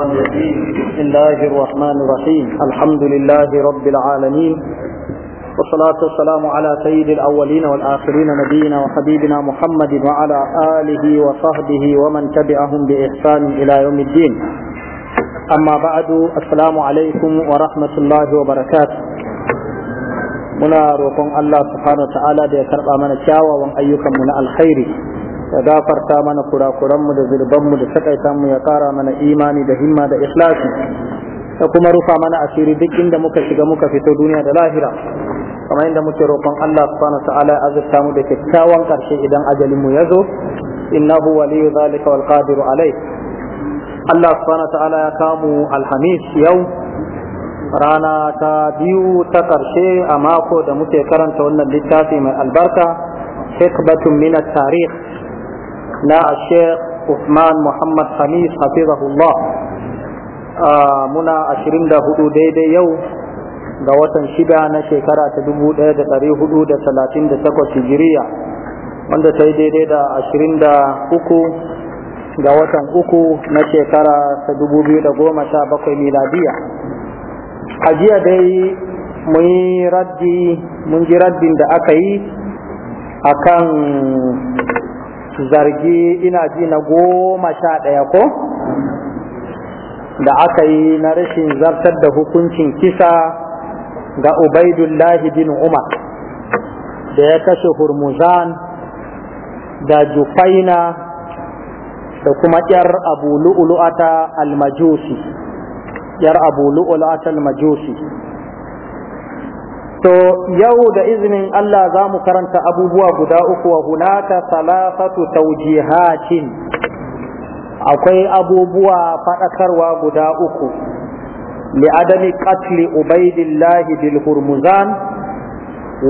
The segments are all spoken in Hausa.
بسم الله الرحمن الرحيم الحمد لله رب العالمين والصلاة والسلام على سيد الأولين والآخرين نبينا وحبيبنا محمد وعلى آله وصحبه ومن تبعهم بإحسان إلى يوم الدين أما بعد السلام عليكم ورحمة الله وبركاته منا روكم الله سبحانه وتعالى دي كربا من الشاوى وأن أيكم من الخير ya gafarta mana kurakuranmu da zurbanmu da takaitanmu ya kara mana imani da himma da ikhlasi da kuma rufa mana asiri duk inda muka shiga muka fito duniya da lahira kamar inda muke roƙon Allah subhanahu wa ta'ala ya azurta mu da kyakkyawan karshe idan ajalin mu ya zo innahu waliyu zalika wal qadiru alai Allah subhanahu wa ta'ala ya kamu alhamis yau rana ta biyu ta karshe a mako da muke karanta wannan littafi mai albarka hikbatun min at-tarikh na Sheikh Usman Muhammad Hamis hafizahullah ah, muna 24 daidai yau ga watan shida na shekara ta 1438 Hijiriya wanda ta yi daidai da 23 ga watan uku na shekara ta 2017 miladiya a jiya dai mun yi raddi mun ji raddin da aka yi akan zargi ina ji na goma sha ɗaya ko da aka yi na rashin zartar da hukuncin kisa ga ubaidullahi bin umar da ya kashe hurmuzan da jufaina da kuma yar abu lu'ulu'ata al-majusi yar abu lu'ulu'ata al to yau da izinin Allah za mu karanta abubuwa guda uku wa hunaka salasatu taujihatin akwai abubuwa faɗakarwa guda uku li'adami qatli ubaidillahi bil hurmuzan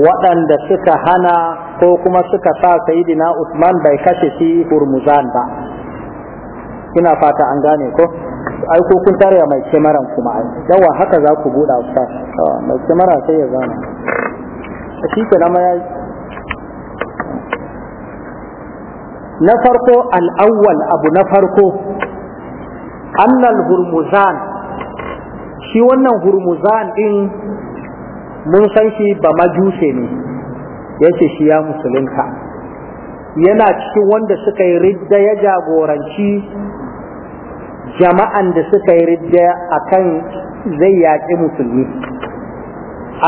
waɗanda suka hana ko kuma suka sa sayidina usman bai kashe shi hurmuzan ba ina fata an gane ko ai ko kun tare mai kemaran kuma ai yawa haka za ku buɗa ku mai kemara sai ya zana shi ke ya na farko al'awwal abu na farko annal hurmuzan shi wannan hurmuzan din mun san shi ba majuse ne yace shi ya musulunta yana cikin wanda suka yi ridda ya jagoranci jama'an da suka yi ridda kan zai yaƙi musulmi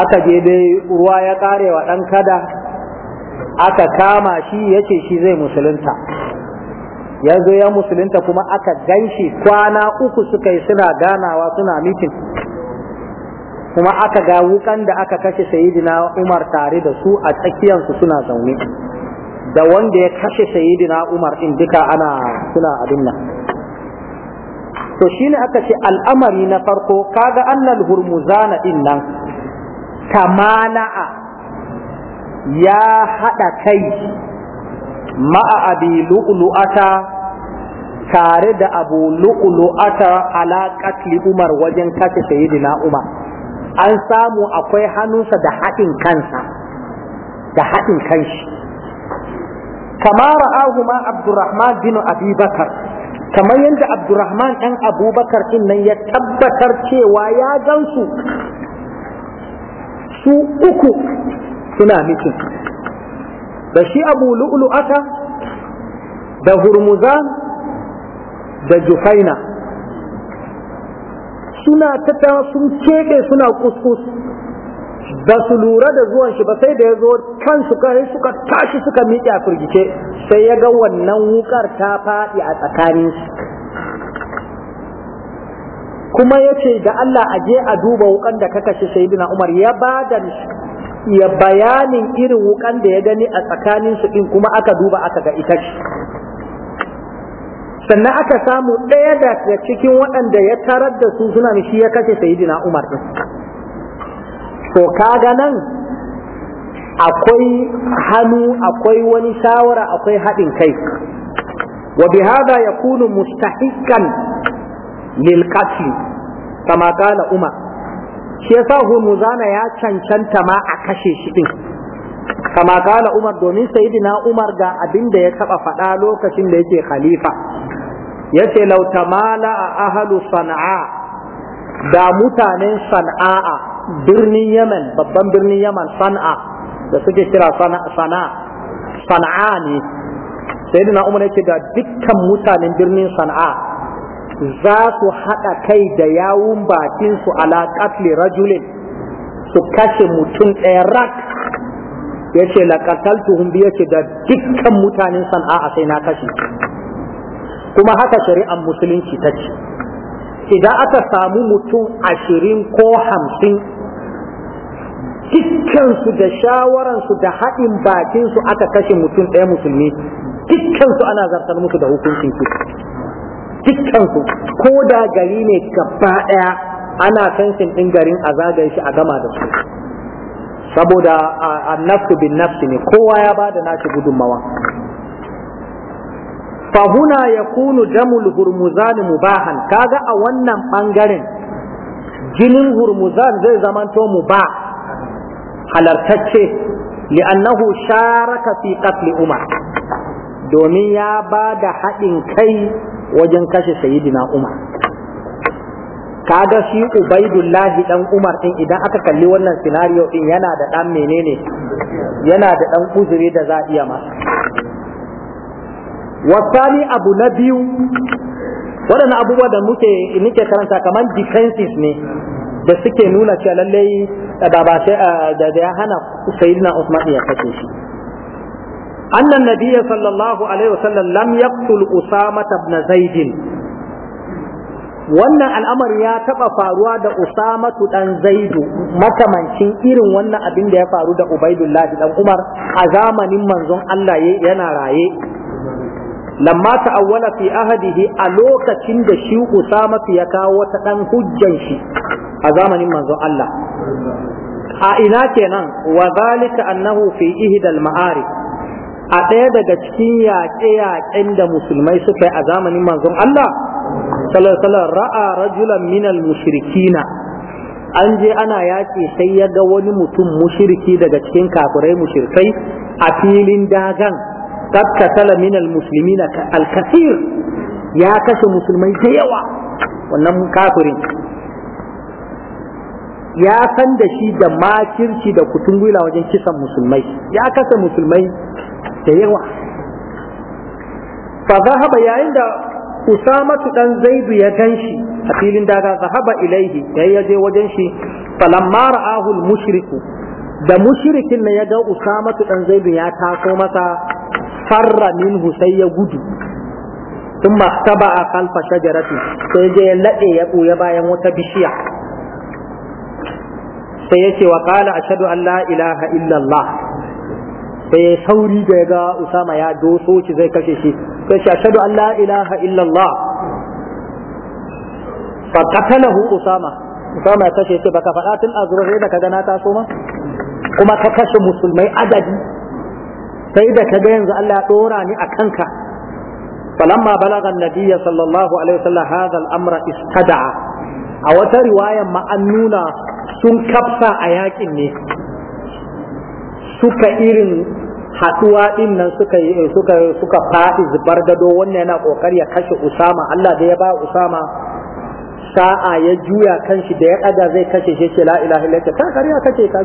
aka je dai ruwa ya ƙare wa ɗan kada aka kama shi ya ce shi zai musulunta ya zo ya musulunta kuma aka ganshi kwana uku suka yi suna ganawa suna mitin kuma aka ga wukan da aka kashe sayidina umar tare da su a tsakiyarsu suna zaune da wanda ya kashe sayidina umar in duka ana suna abin nan to shine aka ce al'amari na farko kaga annal hurmuzana din nan kamana'a ya haɗa kai ma'a abi lu'lu'ata tare da abu lu'lu'ata ala katli umar wajen kashe sayyidina umar an samu akwai hannunsa da haɗin kansa da haɗin kanshi kama ra'ahu ma abdurrahman bin abi bakar kamar yadda abdurrahman ɗan abubakar ɗin nan ya tabbatar cewa ya gansu su uku suna mitin da shi abu aka, da hurmuzan da jufaina suna ta sun keɗe suna kuskus ba su lura da zuwan shi ba sai da ya zo su kai suka tashi suka miƙe a firgice sai ya ga wannan wukar ta faɗi a tsakanin su kuma ya ce da Allah a je a duba wukan da ka kashe Umar ya ba da ya bayanin irin wukan da ya gani a tsakanin su din kuma aka duba aka ga ita ce sannan aka samu ɗaya da cikin waɗanda ya tarar da su suna shi ya kashe sayidina Umar din to kaga nan akwai hannu akwai wani shawara akwai haɗin kai wa bi hada kunu mustahiqqan lil qatl kama qala umar shi yasa hunuzana ya cancanta ma a kashe shi din kama kala umar domin na umar ga abinda ya taba faɗa lokacin da yake khalifa yace lautamala a ahalu sana'a da mutanen sana'a birnin Yemen babban birnin Yemen Sana'a da suke kira Sana'a Sana'a ne sayyidina Umar yake da dukkan mutanen birnin Sana'a za su haɗa kai da yawun bakin su ala qatli rajulin su kashe mutum ɗaya rak yace hum bi yace da dukkan mutanen Sana'a sai na kashe kuma haka shari'ar musulunci ta ce idan aka samu mutum ashirin ko hamsin dukkansu da shawaransu da haɗin bakinsu aka kashe mutum ɗaya musulmi dukkansu ana zartar musu da hukuncin ki dukkansu ko da gari ne gaba ɗaya ana fensin ɗin garin a zagaye shi a gama da su saboda annafsu bin nafsi ne kowa ya ba da nashi gudunmawa fahuna ya kunu damul hurmuzani mubahan kaga a wannan ɓangaren jinin hurmuzan zai zamanto mubah halartacce li'annahu sharaka fi qatli umar domin ya ba da haɗin kai wajen kashe sayidina umar kaga shi ubaidullahi dan umar din idan aka kalli wannan scenario din yana da dan menene yana da dan uzuri da za iya masa wasani abu na biyu waɗannan abubuwa da muke karanta kamar defenses ne da suke nuna cewa lallai da eh, ba sai eh, da ya hana sayyidina Usman ya kace shi annan nabiyya sallallahu alaihi wasallam lam yaqtul Usama ibn Zaid wannan al'amar ya taɓa faruwa da usamatu ɗan zaidu makamancin irin wannan abin da ya faru da ubaidullahi ɗan umar a zamanin manzon Allah yana raye lamma ta'awwala fi ahadihi a lokacin da shi Usama ya kawo wata dan hujjan shi a zamanin manzo Allah a ina kenan wa zalika annahu fi ihdal ma'ari a ɗaya daga cikin yaƙe-yaƙen da musulmai suka yi a zamanin manzon Allah sallallahu ra'a rajulan minal mushrikina an je ana yaƙi sai ya ga wani mutum mushriki daga cikin kafirai mushrikai a filin dagan qad katala min almuslimina alkathir ya kashe musulmai da yawa wannan kafirin ya san da shi da makirci da kutungula wajen kisan musulmai ya kashe musulmai da yawa fa zahaba yayin da usamatu dan zaidu ya ganshi a filin daga zahaba ilaihi yayin ya wajen shi falamma ra'ahu da mushrikin ne ya ga usamatu ɗan zaidu ya taso masa farra minhu sai ya gudu sun mastaba a kalfa shajaratu sai je ya laɗe ya ɓuya bayan wata bishiya sai ya ce wa ƙala ashadu an la ilaha illallah sai ya sauri da ya ga usama ya doso shi zai kashe shi sai shi ashadu an la ilaha illallah fa qatalahu usama usama ya kashe shi baka faɗa tun azura da ka gana ta so ma kuma ka kashe musulmai adadi sai da ga yanzu Allah ya dora ni a kanka falamma balaga nabiyya sallallahu alaihi wasallam hadha al-amra istada'a a wata riwaya ma an nuna sun kafsa a yakin ne suka irin haduwa din nan suka suka suka fadi zubar gado wannan yana kokari ya kashe Usama Allah da ya ba Usama sa'a ya juya kanshi da ya ɗaga zai kashe shi ce la ilaha illallah ta kariya kace ka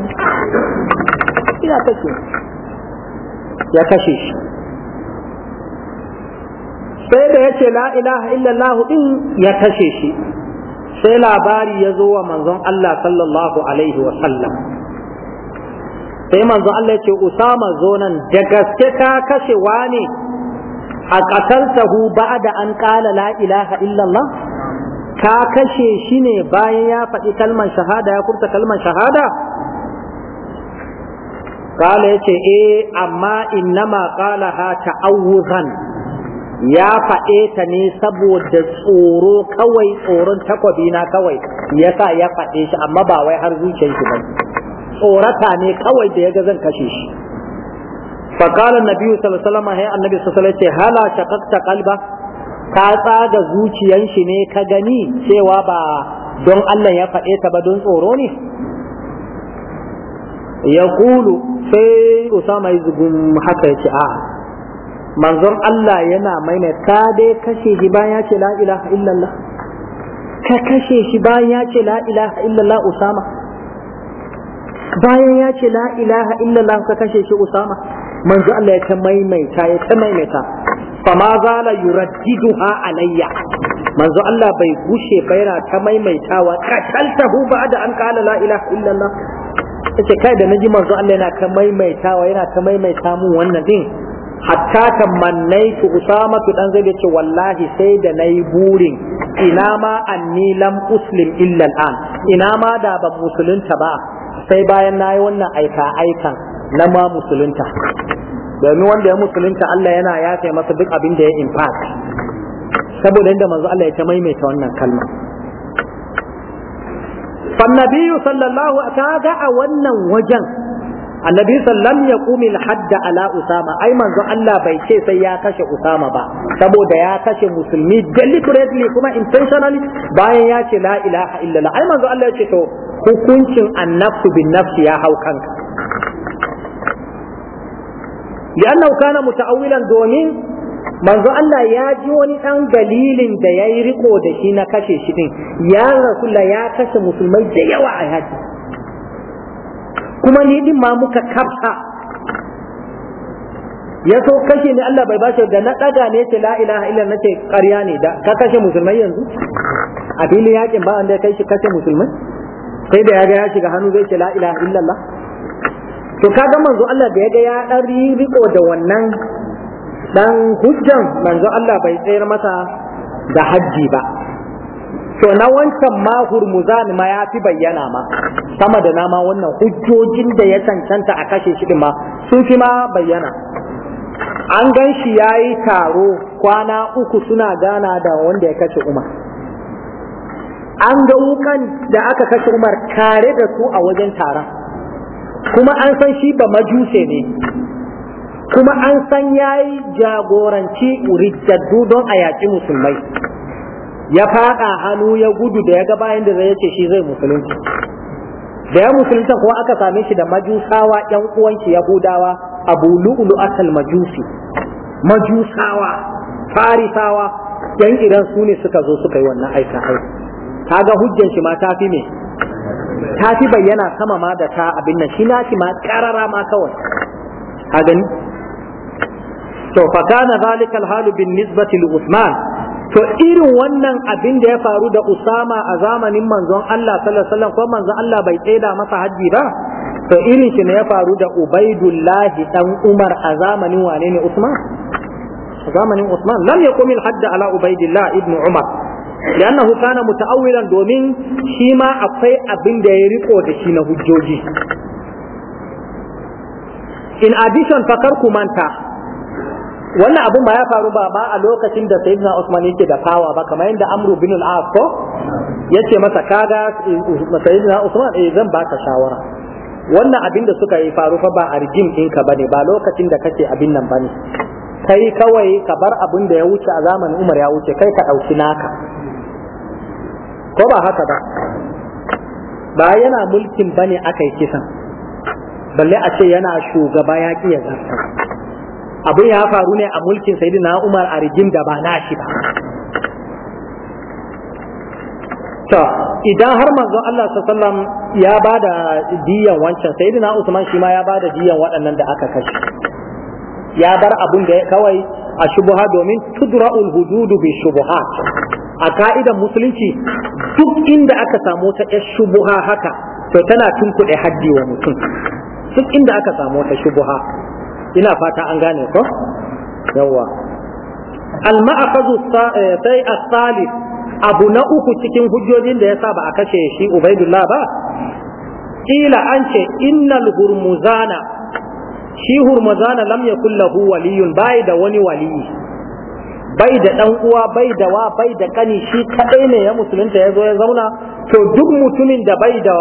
ina kace ya kashe shi sai da ya ce la ilaha illallah din ya kashe shi sai labari ya zo wa manzon Allah sallallahu alaihi wa sallam sai manzon Allah ya ce Usama zo nan da gaske ka kashe wani a ba da an ƙala la ilaha illallah ka kashe shi ne bayan ya faɗi kalmar shahada ya furta kalmar shahada kala ya ce eh amma innama kala ha ta'awuzan ya faɗe ta ne saboda tsoro kawai tsoron takwabi na kawai sa ya faɗe shi amma ba wai har zuciyar shi ba tsorata ne kawai da ya ga zan kashe shi فقال النبي صلى الله عليه وسلم هي النبي صلى الله عليه وسلم هلا شققت ka tsaga zuciyan shi ne ka gani cewa ba don Allah ya faɗe ta ba don tsoro ne ya kulu sai usama ya zugun haka ya ce a manzon Allah yana maimaita ka dai kashe shi bayan ya ce la ilaha illallah ka kashe shi bayan ya ce la ilaha illallah usama bayan ya ce la ilaha illallah ka kashe shi usama manzo Allah ya ta maimaita ya ta maimaita fa ma zala yuraddiduha alayya manzo Allah bai gushe ba yana ta maimaitawa ba da an kala la ilaha illallah ce kai da ji manzo Allah yana ta maimaitawa yana ta maimaita mun wannan din hatta tamannaitu usama tu dan zai ce wallahi sai da nayi burin ina ma anni lam muslim illa al'an ina ma da ba musulunta ba sai bayan nayi wannan aika aikan na ma musulunta domin wanda ya musulunta Allah yana yafe masa duk abin da ya impact saboda inda manzo Allah ya ta maimaita wannan kalma فالنبي صلى الله كاغا wannan wajen annabi sallam ya kumin hadda ala usama ai manzo Allah bai ce sai ya kashe usama ba saboda ya kashe musulmi deliberately kuma intentionally bayan ya ce la ilaha illallah ai manzo Allah ya ce to hukuncin annafsu bin nafsi ya hau kanka li'annahu kana muta'awwilan domin manzo Allah ya ji wani ɗan dalilin da ya yi riko da shi na kashe shi ɗin ya rasula ya kashe musulmai da yawa a yaki kuma ni ɗin ma muka kafa ya so kashe ni Allah bai bashi da na ɗaga ne ce la ilaha illa nace ƙarya ne da ka kashe musulmai yanzu a filin yakin ba wanda ya kai shi kashe musulmai sai da ya ga ya shiga hannu zai ce la ilaha Allah? to kaga manzo Allah da ya ga ya ɗan riko da wannan dan hujjan manzo Allah bai tsayar masa da hajji ba to na wancan ma hurmuzan ma ya fi bayyana ma sama da nama wannan hujjojin da ya cancanta a kashe shi ma sun fi ma bayyana an gan shi ya yi taro kwana uku suna gana da wanda ya kashe umar an ga wukan da aka kashe umar tare da su a wajen taron kuma an san shi ba majuse ne kuma an san ya yi jagoranci riddaddu don a yaƙi musulmai ya faɗa hannu ya gudu da ya ga bayan da zai ce shi zai musulunci da ya musulunta kuwa aka same shi da majusawa yan uwan yahudawa abu lu'lu asal majusi majusawa farisawa yan idan su ne suka zo suka yi wannan aika ta ga hujjan shi ma ta fi me ta fi bayyana sama ma da ta abin nan shi na shi ma ma kawai a gani to fa kana zalika alhalu bin nisbati li Usman to irin wannan abin da ya faru da Usama a zamanin manzon Allah sallallahu alaihi wasallam ko manzon Allah bai tseda masa haji ba to irin shi ne ya faru da Ubaidullah dan Umar a zamanin wane ne Usman a zamanin Usman lam yaqum alhajj ala Ubaidillah ibn Umar لأنه كان متأولا دومين شيما أفاي أبن ديريكو دشينا هجوجي in addition fakar ku manta wannan abun ba ya faru ba ba a lokacin da sayyidina Usman yake da fawa ba kamar yadda Amru bin al-As ko yace masa kaga eh, sayyidina Usman eh zan baka shawara wannan abin da suka yi faru fa ba arjim rijim ka bane ba lokacin da kake abin nan bane kai kawai ka bar abin da ya wuce a zamanin Umar ya wuce kai ka ɗauki naka ko ba haka ba ba yana mulkin bane aka yi kisan balle a ce yana shugaba ya ƙi ya zarta abin ya faru ne a mulkin sayyidina Umar a rijim da ba nashi ba to idan har manzo Allah sallallahu ya bada diyan wancan sayyidina Usman shi ma ya bada diyan waɗannan da aka kashe ya bar abin da kawai a shubuha domin tudra'ul hududu bi shubuha. a ka'idan musulunci duk inda aka samu ta yar shubuha haka to tana tunkuɗe haddi wa mutum duk inda aka samu ta shubuha ina fata an gane ko yawa al-ma'akhadhu eh, sai as-salis abu na uku cikin hujjojin da yasa ba a kashe shi ubaidullah ba kila an ce innal hurmuzana shi hurmuzana lam yakul lahu waliyun bai da wani waliyi bai da dan uwa bai da wa bai da kani shi kadai ne ya musulunta ya zo ya zauna to duk mutumin da bai da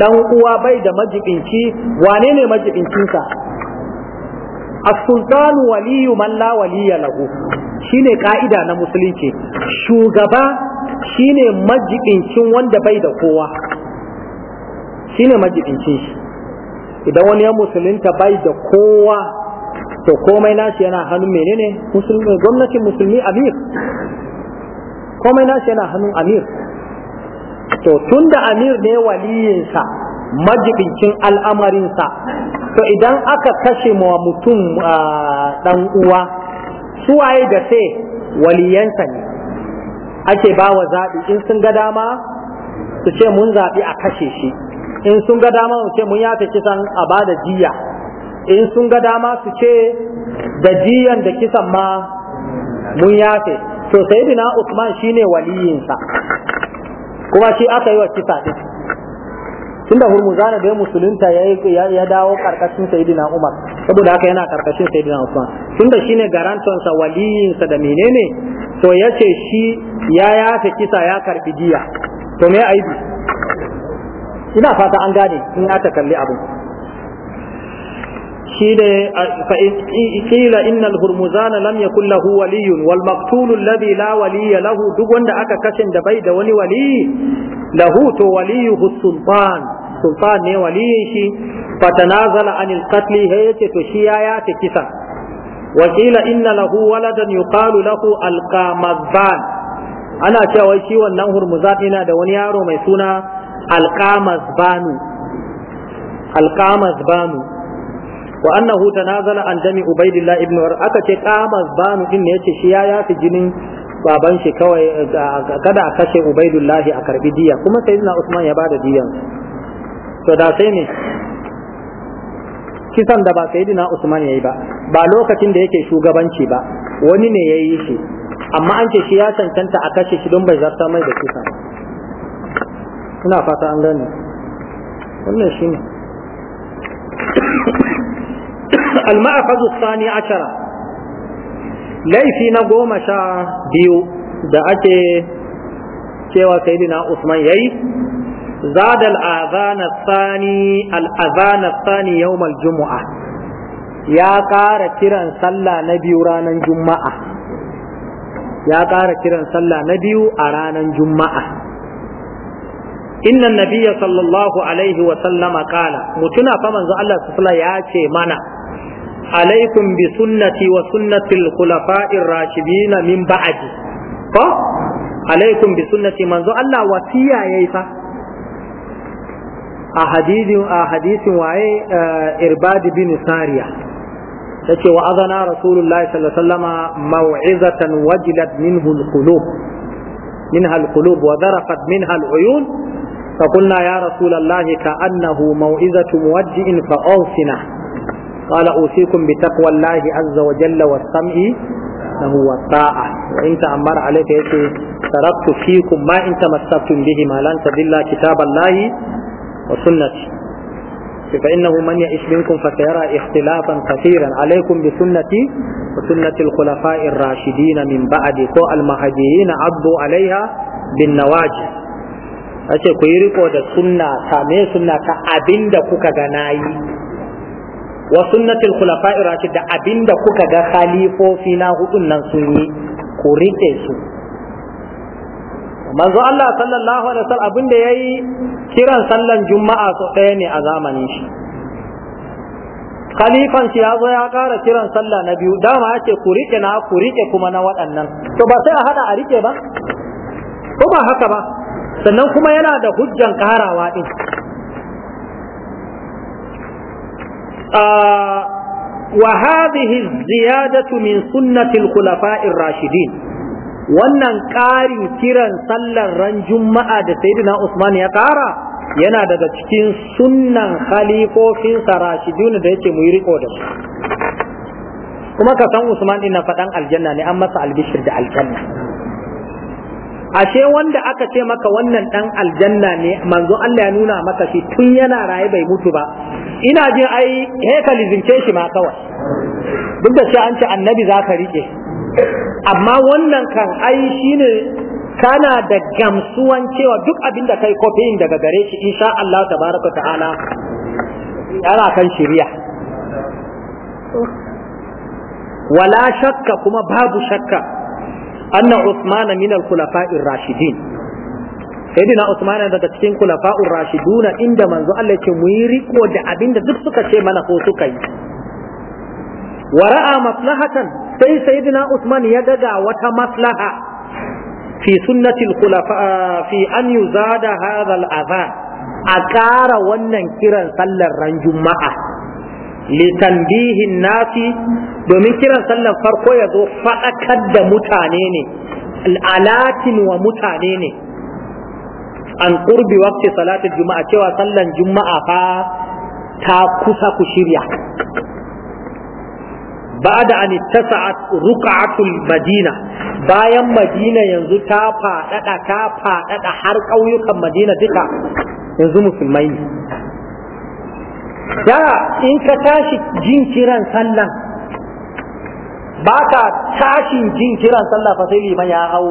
dan uwa bai da majibinci wane ne majibincinsa as-sultan waliyu man la waliya shine ka'ida na musulunci shugaba shine majibincin wanda bai da kowa shine majibincin shi idan wani ya musulunta bai da kowa to komai nashi yana hannun menene musulmi gwamnatin musulmi amir komai nashi yana hannun amir to tunda amir ne waliyinsa majibincin al'amarinsa to idan aka kashe wa mutum dan uwa suwaye da sai waliyanta ne ake ba wa zaɓi in sun ga dama su ce mun zaɓi a kashe shi in sun ga dama su ce mun yafe kisan a ba da jiya in sun ga dama su ce da jiyan da kisan ma mun yafe to sayyidina Usman shine waliyinsa kuma shi aka yi wa kisa din tunda hurmuzana da ya musulunta ya dawo karkashin sayyidina umar saboda haka yana karkashin sayyidina usman tunda shine garantonsa waliyinsa da menene to yace shi ya yafe kisa ya karbi diya to me aibi ina fata an gane in aka kalli abu shi da ne kila innal hurmuzana lam yakul lahu waliyun wal maqtul alladhi la waliya lahu duk wanda aka kashin da bai da wani wali lahu to waliyuhu sultan sultan ne waliyin shi fatanazala anil qatli he yace to shi ya ya ta kisa wa qila inna lahu waladan yuqalu lahu alqamazban ana cewa shi wannan hurmuzat yana da wani yaro mai suna alqamazbanu alqamazbanu wa annahu tanazala an dami ubaidillah ibn ur aka ce qamazbanu din ne yace shi ya ya ta jinin baban shi kawai kada a kashe ubaidullahi a karbi diya kuma sayyidina usman ya bada diyan to da sai ne kisan da ba dina Usman yayi ba ba lokacin da yake shugabanci ba wani ne yayi shi amma an ce shi ya cancanta a kashe shi don bai zarta mai da kisan ina fata an gane wannan shi ne. al المأخذ thani عشر laifi na goma sha biyu da ake cewa sayidina Usman yayi zada al'azan tsani al'azan tsani yawmal jumu'a ya ƙara kiran sallah na biyu a ranar juma'a innan nabiyya sallallahu alaihi wa sallama kala mutuna fa manzo Allah sallallahu ya ce mana alaikum bi sunnati wa sunnati al-khulafa'ir rashidin min ba'di fa bi sunnati manzo Allah wasiya yayi fa أحاديث وعي آه، إرباد بن سارية تشي وأذن رسول الله صلى الله عليه وسلم موعظة وجلت منه القلوب منها القلوب وذرفت منها العيون فقلنا يا رسول الله كأنه موعظة موجئ فأوصنا قال أوصيكم بتقوى الله عز وجل والسمع له والطاعة وإن تأمر عليك تركت فيكم ما إن تمسكتم به ما لن تدل كتاب الله وسنتي فإنه من يعش منكم فسيرى اختلافا كثيرا عليكم بسنتي وسنة الخلفاء الراشدين من بعد كو المهديين عضوا عليها بالنواجذ ace ku yi riko da sunna same sunna ta abinda kuka ga nayi wa sunnatul khulafa'ir rashid da abinda kuka ga khalifofi na hudun nan sun yi ku rike su manzo Allah sallallahu alaihi wasallam abin da yayi kiran sallan juma'a so ɗaya ne a zamanin shi khalifan shi ya zo ya ƙara kiran sallah na biyu dama yace ce ku rike na ku rike kuma na waɗannan to ba sai a hada a rike ba ko ba haka ba sannan kuma yana da hujjan ƙarawa din وهذه الزيادة من سنة الخلفاء Rashidin. wannan ƙarin kiran sallar ran juma'a da sayyidina Usman ya ƙara yana daga cikin sunnan khalifofin sarashidun da yake mu yi riko da su kuma ka san Usman din na faɗan aljanna ne an masa albishir da aljanna ashe wanda aka ce maka wannan dan aljanna ne manzo Allah ya nuna maka shi tun yana raye bai mutu ba ina jin ai hekali zince shi ma kawai duk da cewa an ce annabi za ka rike amma wannan kan ai ne kana da gamsuwan cewa duk abin da kai kofin daga gare shi insha Allah tabaraka ta'ala yana kan shiriya wala shakka kuma babu shakka anna Uthman min al-khulafa'ir rashidin sayyidina Uthman daga cikin khulafa'ur rashiduna inda manzo Allah ce mu yi riko da abinda duk suka ce mana ko suka yi wara'a maslahatan sai sayidina Usman ya daga wata maslaha fi sunnati al ah, fi an yuzada hadha al-adhan a ƙara wannan kiran sallar ran juma'a litanbihin nasi domin kiran sallar farko ya zo faɗakar da mutane ne alatin wa mutane ne an ƙurbi wakti salatin juma'a cewa sallar juma'a fa ta kusa ku shirya ba'da an ittasa'at ruqa'atul madina bayan madina yanzu ta fadada ta fadada har ƙauyukan madina duka yanzu musulmai ne da in ka tashi jin kiran sallan ba ka tashin jin kiran sallah fa sai liman ya hau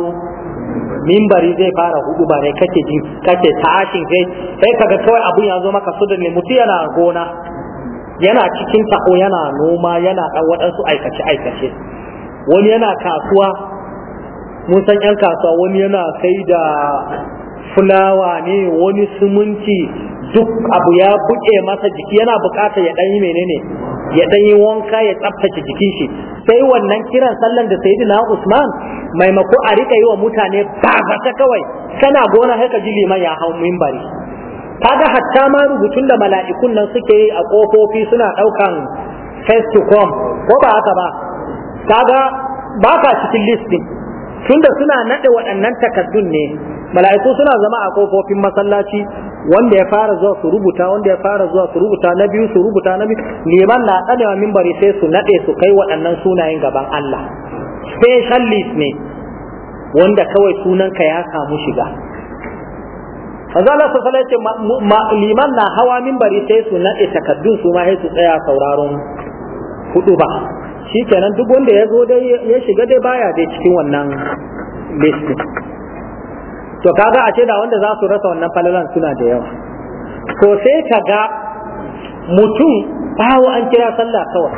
mimbari zai fara hudu ba ne kake jin kake tashin kai sai kaga kawai abun ya zo maka sudan ne mutu yana gona yana cikin tako yana noma yana ɗan waɗansu aikace-aikace wani yana kasuwa mun san 'yan kasuwa wani yana sai da fulawa ne wani sumunci duk abu ya buɗe masa jiki yana buƙatar ya ɗanyi menene ya ɗanyi wanka ya tsaftace jikin shi sai wannan kiran sallan da sayyidina Usman maimako a riƙa yi wa mutane ba kawai kana gona haka ji liman ya hau mimbari kaga hatta ma rubutun da mala'ikun nan suke yi a kofofi suna daukan face to come ko ba haka ba kaga ba ka cikin listin tunda suna nade waɗannan takaddun ne mala'iku suna zama a kofofin masallaci wanda ya fara zuwa su rubuta wanda ya fara zuwa su rubuta na biyu su rubuta na biyu liman na tsanewa mimbari sai su nade su kai waɗannan sunayen gaban Allah special list ne wanda kawai sunanka ya samu shiga manzo Allah sallallahu alaihi wasallam liman na hawa ta yi su nade takaddun su ma sai su tsaya sauraron hudu ba kenan duk wanda ya zo dai ya shiga dai baya dai cikin wannan list to kaga a ce da wanda za su rasa wannan falalan suna da yawa to sai kaga mutum bawo an kira sallah kawai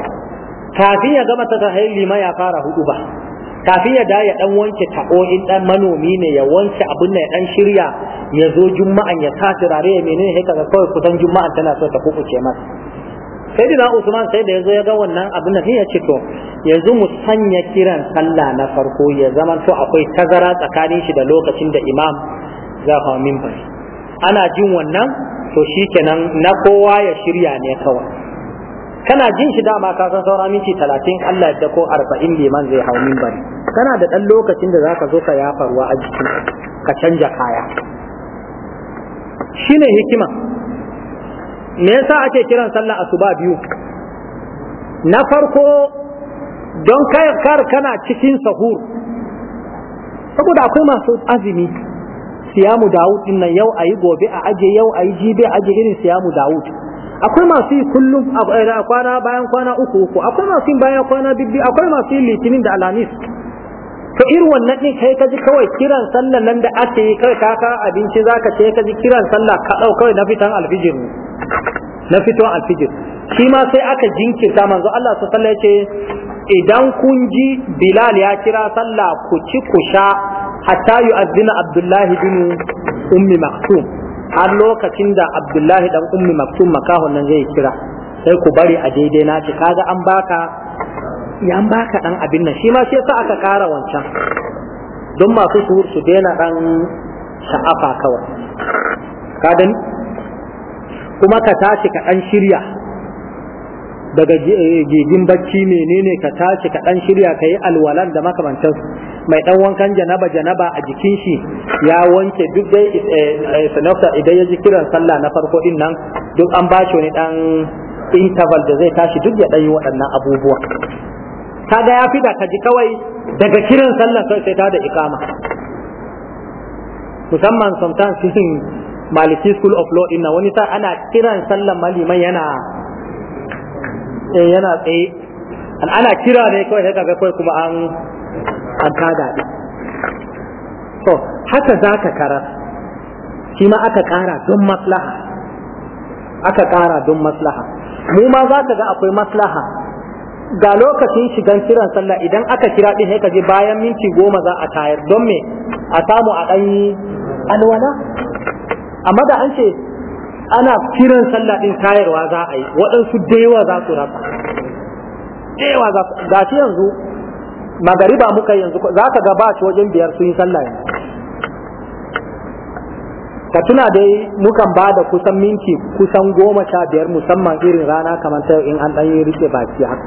kafin ya gama ta tahayyi liman ya fara hudu ba Kafi ya da ya dan wanke tabo in dan manomi ne ya wanke abin nan ya dan shirya ya zo juma'an ya sa rare ya menene sai kaga kawai kusan juma'an tana so ta kukuce masa sai dina Usman sai da yazo ya ga wannan abin nan ya ce to yanzu mu sanya kiran sallah na farko ya zama to akwai tazara tsakanin shi da lokacin da imam za fa minbar ana jin wannan to shikenan na kowa ya shirya ne kawai kana jin shi dama ka san saura minti talatin Allah ya ko arba'in liman zai hau bari. kana da ɗan lokacin da zaka zo ka yafa ruwa a jikin ka canja kaya shine hikima me yasa ake kiran sallah asuba biyu na farko don kar kana cikin sahur saboda akwai masu azumi siyamu dawud din nan yau ayi gobe a aje yau ayi jibe aje irin siyamu dawud akwai masu yi kullum eh, a kwana bayan kwana uku uku akwai masu yi bayan kwana bibbi akwai masu yi litinin da alamis to irin wannan din kai ka ji kawai kiran sallah nan da ake yi kai ka ka abinci zaka ce ka ji kiran sallah ka dau kawai na fitan alfijir na fitan alfijir shi ma sai aka jinkirta manzo Allah ta sallah yace idan kun ji Bilal ya kira sallah ku ci ku sha hatta yu'azzina Abdullahi bin Ummi Maktum har lokacin da abdullahi dan ummi maktum makahon nan zai kira sai ku bari a daidai na kaga an baka ya an baka dan abin nan shi ma sai sa aka kara wancan don masu suhur su daina dan sha'afa kawai ka dan kuma ka tashi ka dan shirya daga eh, gigin bacci menene ka tashi ka dan shirya ka alwalan da makamantansu mai dan wankan janaba janaba a jikin shi ya wanke duk dai eh, eh, sanauta idan ya ji kiran sallah na farko din nan duk an ba shi wani dan interval da zai tashi duk ya dan yi waɗannan abubuwa kaga ya fi da ka kawai daga kiran sallah sai sai ta da ikama musamman sometimes cikin maliki school of law dinnan wani sa ana kiran sallan maliman yana eh, yana tsaye ana kira ne kawai sai kaga kawai kuma an an ka ɗin to haka za ka karar shi ma aka ƙara don maslaha aka ƙara don maslaha mu ma za ka ga akwai maslaha ga lokacin shigan kiran sallah idan aka kira ɗin sai ka je bayan minti goma za a tayar don me a samu a ɗan alwala amma da an ce ana kiran sallah ɗin tayarwa za a yi waɗansu da yawa za su rasa da yawa za su yanzu magariba muka yanzu za ka ga ba wajen biyar sun yi sallah yanzu ka tuna dai mukan ba da kusan minti kusan goma sha biyar musamman irin rana kamar ta in an ɗan yi rike baki haka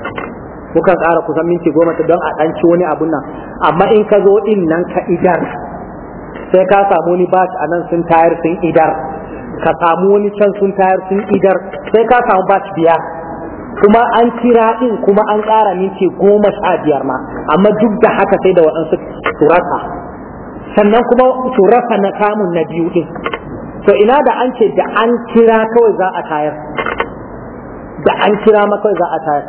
mukan ƙara kusan minti goma ta don a ɗan ci wani abun nan amma in ka zo in nan ka idar sai ka samu wani ba a nan sun tayar sun idar ka samu wani can sun tayar sun idar sai ka samu ba biyar kuma an kira ɗin kuma an ƙara minti goma sha biyar ma amma duk da haka sai da waɗansu turasa, sannan kuma turasa na samun na biyu ɗin to ina da an ce da an kira kawai za a tayar da an kira ma kawai za a tayar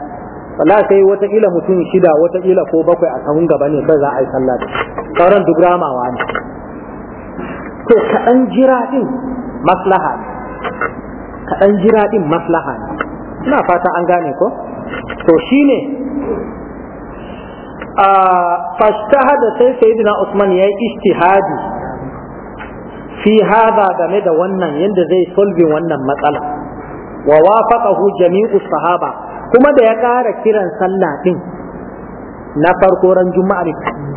wallahi sai wata ila mutum shida wata ila ko bakwai a samun gaba ne kai za a yi sallah da sauran duk ramawa ne to kaɗan jira ɗin maslaha ne kaɗan jira ɗin maslaha ne ina fata an gane ko to shine fashtahada sai sayyidina Usman ya yi ijtihadi fi game da wannan yadda zai solve wannan matsala wa wafaqahu jami'u sahaba kuma da ya ƙara kiran sallah din na farko ran juma'a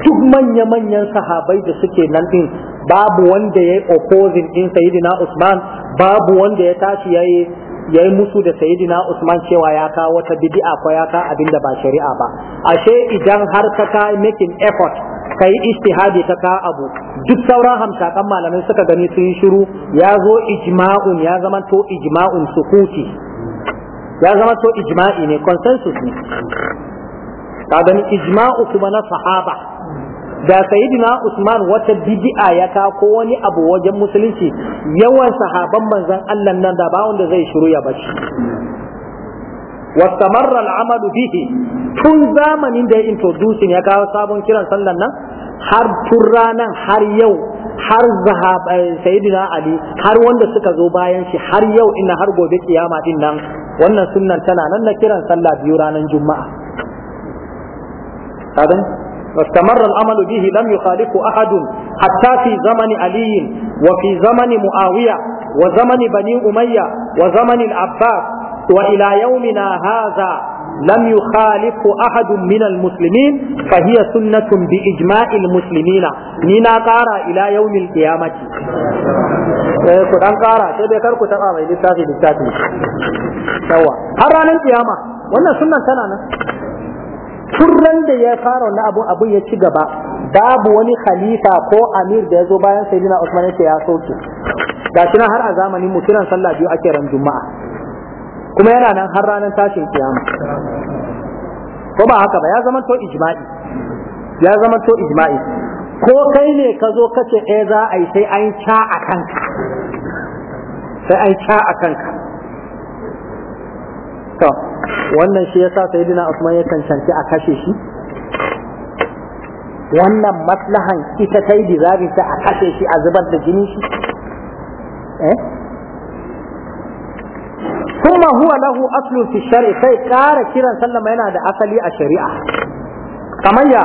duk manya-manyan sahabai da suke nan din babu wanda ya yi opposing din sayyidina Usman babu wanda ya tashi ya ya yi musu da sayidina Usman cewa ya kawo wata bid'a ko ya ka abin ba shari'a ba ashe idan har ka makin making effort kai istihadi ka kawo abu duk sauran hamsakan malamai suka gani sun yi shiru ya zo ijma'un ya zama to ijma'un sukuti ya zama to ijma'i ne consensus ne ka gani ijma'u kuma na sahaba da sayyidina Usman wata bid'a ya ka ko wani abu wajen musulunci yawan sahaban manzon Allah nan da ba wanda zai shiru ya bashi واستمر العمل به tun zamanin da ya introducing ya kawo sabon kiran sallan nan har tun har yau har eh, sayyidina ali har wanda suka zo bayan shi har yau ina har gobe kiyama din nan wannan sunnan tana nan na kiran sallah biyu ranar juma'a واستمر العمل به لم يخالفه أحد حتى في زمن علي وفي زمن معاوية وزمن بني أمية وزمن العباس وإلى يومنا هذا لم يخالف أحد من المسلمين فهي سنة بإجماع المسلمين نينا قارا إلى يوم القيامة قرآن إيه، قارا سيدي كاركو تقارا إلي ساغي بالتاتي سوا هرانا القيامة وانا سنة سنة tun da ya fara wannan abu abu ya ci gaba babu wani khalifa ko amir da ya zo bayan sayyidina Usman ya ya soke shi nan har a zamanin mu kiran sallah biyu ake ran juma'a kuma yana nan har ranar tashin kiyama ko ba haka ba ya zama to ijma'i ya zama to ijma'i ko kai ne ka zo kace eh za a yi sai an ca a kanka sai an ca a kanka to wannan shi yasa sayyidina Usman ya cancanci a kashe shi wannan maslahan ita ta yi dizabin ta a kashe shi a zubar da jini shi eh kuma huwa lahu aslun fi shari'a sai kara kiran sallama yana da asali a shari'a kamar ya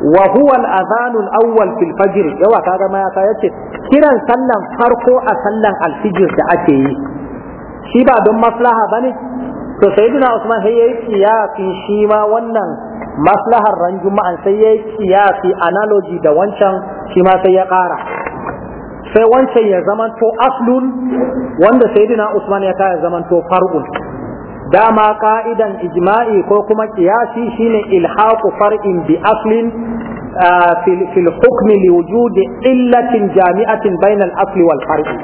wa huwa al-adhan al-awwal fil fajr yawa kaga ma ya yace kiran sallan farko a sallan al-fajr da ake yi shi ba don maslaha bane to sayyidina Usman sai yayi kiyasi shi ma wannan maslahar ran juma'an sai yayi kiyasi analogy da wancan shi ma sai ya ƙara sai wancan ya zamanto aslun wanda sayyidina Usman ya kaya zamanto far'un dama ka'idan ijma'i ko kuma kiyasi shine ilhaqu far'in bi aslin fil hukmi li wujudi illatin jami'atin bainal asli wal far'i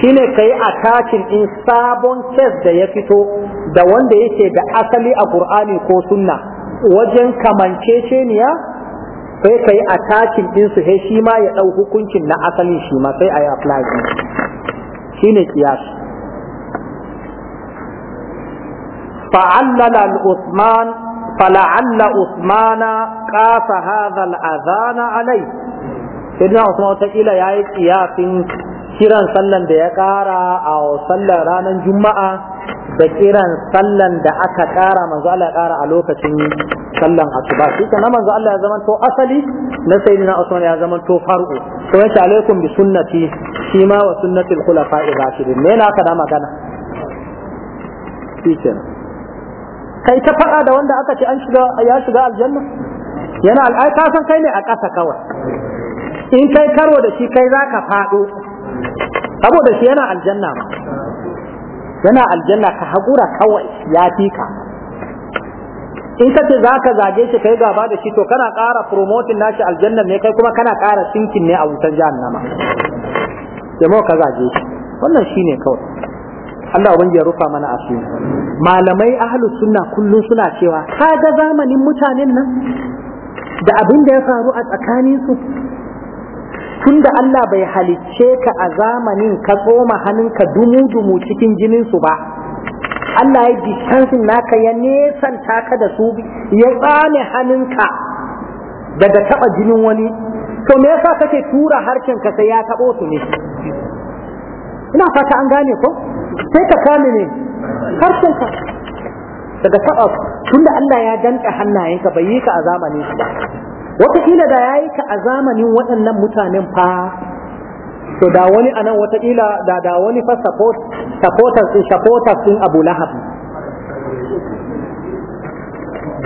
shine kai attachin din sabon kes da ya fito da wanda yake da asali a Qur'ani ko sunna wajen ce niya sai kai attachin din su sai shi ma ya dau hukuncin na asalin shi ma sai ayi apply shine kiyas فعلل العثمان فلعل عثمان قاس هذا الأذان عليه سيدنا عثمان تقيل يا قياس kiran sallan da ya ƙara a sallar ranar juma'a da kiran sallan da aka ƙara manzo Allah ya ƙara a lokacin sallan asuba shi kana manzo Allah ya zama to asali na sayyidina Usman ya zama to far'u to yace alaikum bi sunnati shi ma wa sunnatil khulafa'i rashidin me na kada magana shikenan kai ta faɗa da wanda aka ce an shiga ya shiga aljanna yana al'ai ka san kai ne a ƙasa kawai in kai karo da shi kai zaka faɗo saboda shi yana aljanna ba, yana aljanna ka hakura kawai ya fi ka in ka ce za ka zage shi kai gaba da shi to kana ƙara promoting nashi aljanna ne kai kuma kana ƙara sinkin ne a wutar jahannama jama'a ka zage shi wannan shi ne kawai Allah ubangiji ya rufa mana asiri malamai ahlus sunna kullun suna cewa kaga zamanin mutanen nan da abin da ya faru a tsakaninsu tunda Allah bai halicce ka a zamanin ka tsoma hannunka dumu-dumu cikin jininsu ba Allah ya na naka ya nesan taka da su ya hannun hannunka daga taba jinin wani to me yasa kake tura harshen ka sai ya tabo su ne ina fata an gane ko sai ka kame ne harshen ka daga taba tunda Allah ya danka hannayenka bai yi ka a zamanin su ba wataƙila da ya yi ka a zamanin waɗannan mutanen fa to da wani a nan wataƙila da da wani fa supporters din supporters din abu lahab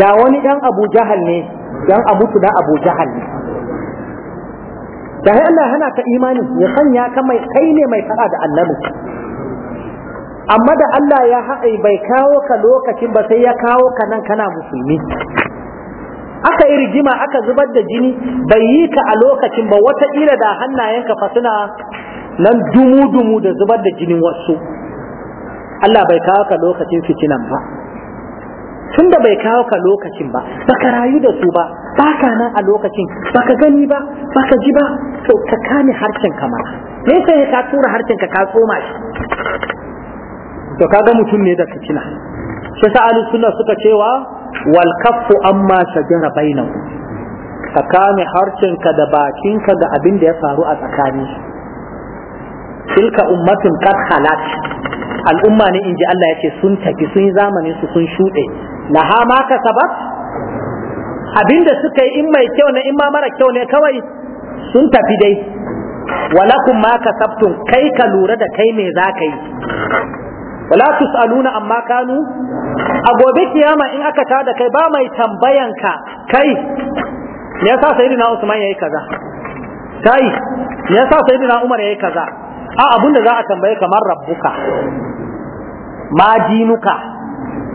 da wani ɗan abu jahal ne ɗan abu su da abu jahal ne da Allah hana ka imani ya sanya ka mai kai ne mai fara da annabi amma da Allah ya haɗa bai kawo ka lokacin ba sai ya kawo ka nan kana musulmi aka yi rigima aka zubar da jini bai yi ka a lokacin ba wataƙila da hannayenka fa suna nan dumu-dumu da zubar da jinin wasu Allah bai kawo ka lokacin fitinan ba tunda bai kawo ka lokacin ba baka rayu da su ba baka nan a lokacin baka gani ba baka ji ba to ka kame harshen ka ma me yasa ka tura harshen ka ka tsoma shi to kaga mutum ne da fitina sai sa alu sunna suka cewa wal kaffu amma shajara bainahu ka kame harcinka da bakinka ga abin da ya faru a tsakani tilka ummatin qad halat al'umma ne inji Allah yace sun tafi sun yi zamanin su sun shuɗe laha ma kasabat abinda suka yi in mai kyau ne in ma mara kyau ne kawai sun tafi dai walakum ma kai ka lura da kai me za ka yi wala tusaluna amma kanu a gobe kiyama in aka ta da kai ba mai tambayan ka kai me yasa sayyidina Usman yayi kaza kai me yasa sayyidina Umar yayi kaza a abinda za a tambaye kamar rabbuka ma dinuka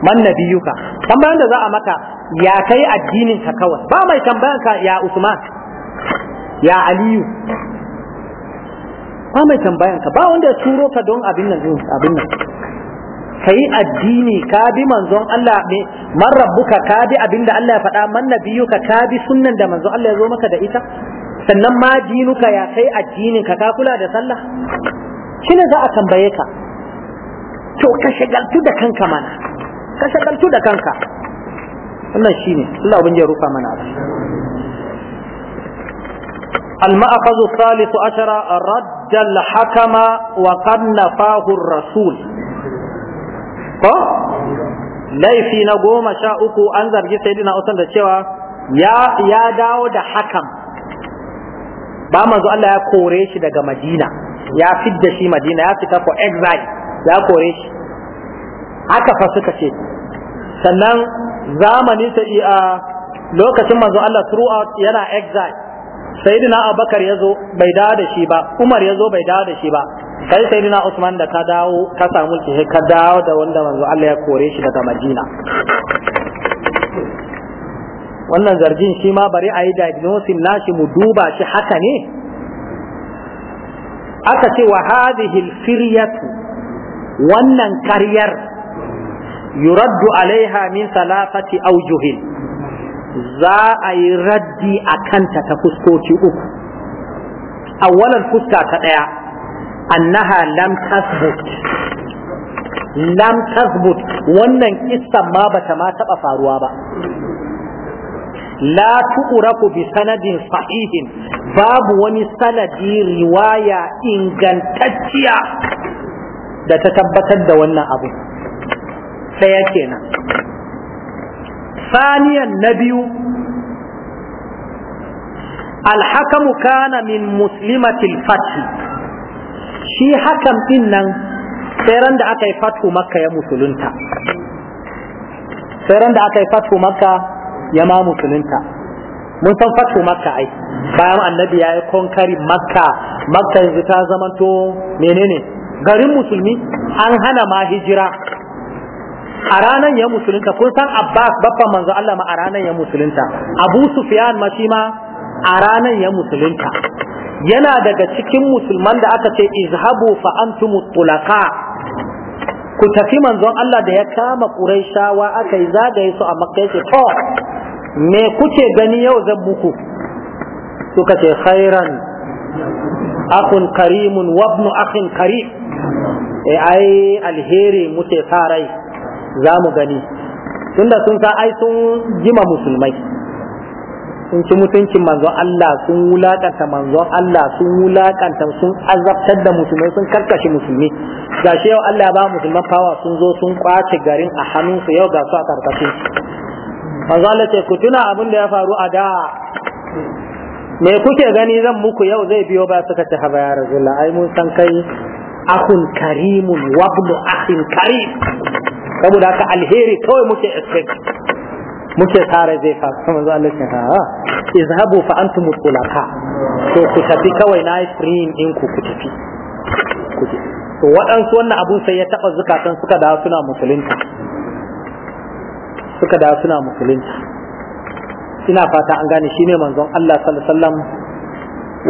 man nabiyuka tambayan da za a maka ya kai addinin ka kawai ba mai tambayan ka ya Usman ya Aliyu ba mai tambayan ka ba wanda ya turo ka don abin nan abin nan Kayi addini ka bi manzon Allah ne man rabbuka ka bi abinda Allah ya faɗa man nabiyuka ka bi sunnan da manzon Allah ya zo maka da ita sannan ma dinuka ya kai addinin ka ka kula da sallah shine za a tambaye ka to ka shagaltu da kanka mana ka shagaltu da kanka wannan shi ne, Allah ubin ya rufa mana abu المأخذ الثالث عشر رد Hakama wa نفاه Rasul. ko laifi na goma sha uku an zargi sayyidina Usman da cewa ya ya dawo da hakan ba manzo Allah ya kore shi daga Madina ya fidda shi Madina ya fita ko exile ya kore shi haka fa suka ce sannan zamanin sa a lokacin manzo Allah throughout yana exile sayyidina Abubakar yazo bai dawo da shi ba Umar yazo bai dawo da shi ba kai sai dina Usman da ka dawo ka samu ki ka dawo da wanda manzo Allah ya kore shi daga Madina wannan zargin shi ma bari a yi diagnosis nashi mu duba shi haka ne aka ce wa hadhihi firyatu wannan karyar yuraddu alaiha min salafati za a yi raddi a kanta ta fuskoki uku awwalan fuska ta ɗaya annaha lam tasbut lam tasbut wannan kissan ma bata ma taɓa faruwa ba la tu'raku bi sanadin sahihin babu wani sanadi riwaya ingantacciya da ta tabbatar da wannan abu ɗaya kenan saniyan na biyu alhakamu kana min muslimatil fathi shi hakan din nan sai ran da aka yi fatu makka ya musulunta sai ran da aka yi fatu makka ya ma musulunta mun san fatu makka ai bayan annabi ya yi konkari makka makka yanzu ta zamanto menene garin musulmi an hana ma hijira a ranar ya musulunta kun san abbas babban manzo Allah ma a ranar ya musulunta abu sufyan ma shi ma a ranar ya musulunta yana daga cikin musulman da aka ce izhabu fa antum tulaqa ku tafi manzon Allah da ya kama quraishawa aka yi zagaye su a Makka yace to me kuke gani yau zan muku suka ce khairan Akun karimun wa akhin karim eh, ai alheri muke sa za mu gani tunda sun sa ai sun jima musulmai sun ci mutuncin manzon Allah sun wulakanta manzon Allah sun wulakanta sun azabtar da musulmai sun karkashe musulmi shi yau Allah ba musulman fawa sun zo sun kwace garin a hannunsu yau ga su a karkashin manzo Allah ce ku tuna abin da ya faru a da me kuke gani zan muku yau zai biyo ba suka ci haba ya ai mun san kai akhun karimun wa ibnu akhin karim saboda haka alheri kawai muke expect muke tsara zai faru manzo Allah ya ta izhabu fa antum tulaka to ku tafi kawai na yi free din ku ku tafi ku tafi to waɗansu wannan abun sai ya taɓa zakatan suka da suna musulunta suka da suna musulunta ina fata an gane shine manzon Allah sallallahu alaihi wasallam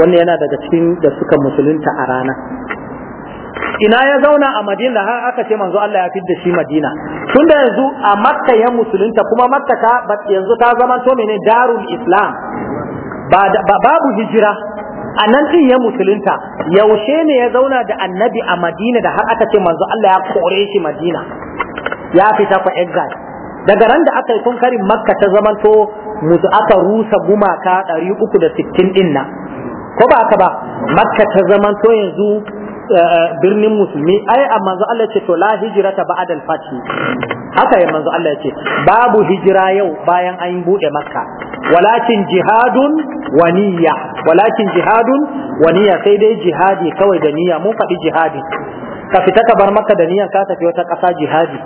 wannan yana daga cikin da suka musulunta a rana ina ya zauna a madina har aka ce manzo Allah ya fidda shi madina tun da yanzu a makka ya musulunta kuma makka ta yanzu ta zama to mene darul islam ba babu hijira a nan din ya musulunta yaushe ne ya zauna da annabi a madina da har aka ce manzo Allah ya kore shi madina ya fita ku exile daga ran da aka yi kunkarin makka ta zama to musu aka rusa gumaka 360 din nan ko ba ka ba makka ta zama to yanzu birnin musulmi ai a manzo Allah ya ce to la hijrata ba'dal haka ya manzo Allah ce babu hijira yau bayan an bude makka walakin jihadun waniya walakin jihadun waniya sai dai jihadi kawai da niyya mun faɗi jihadi ka fita ka bar makka da niyya ka tafi wata ƙasa jihadi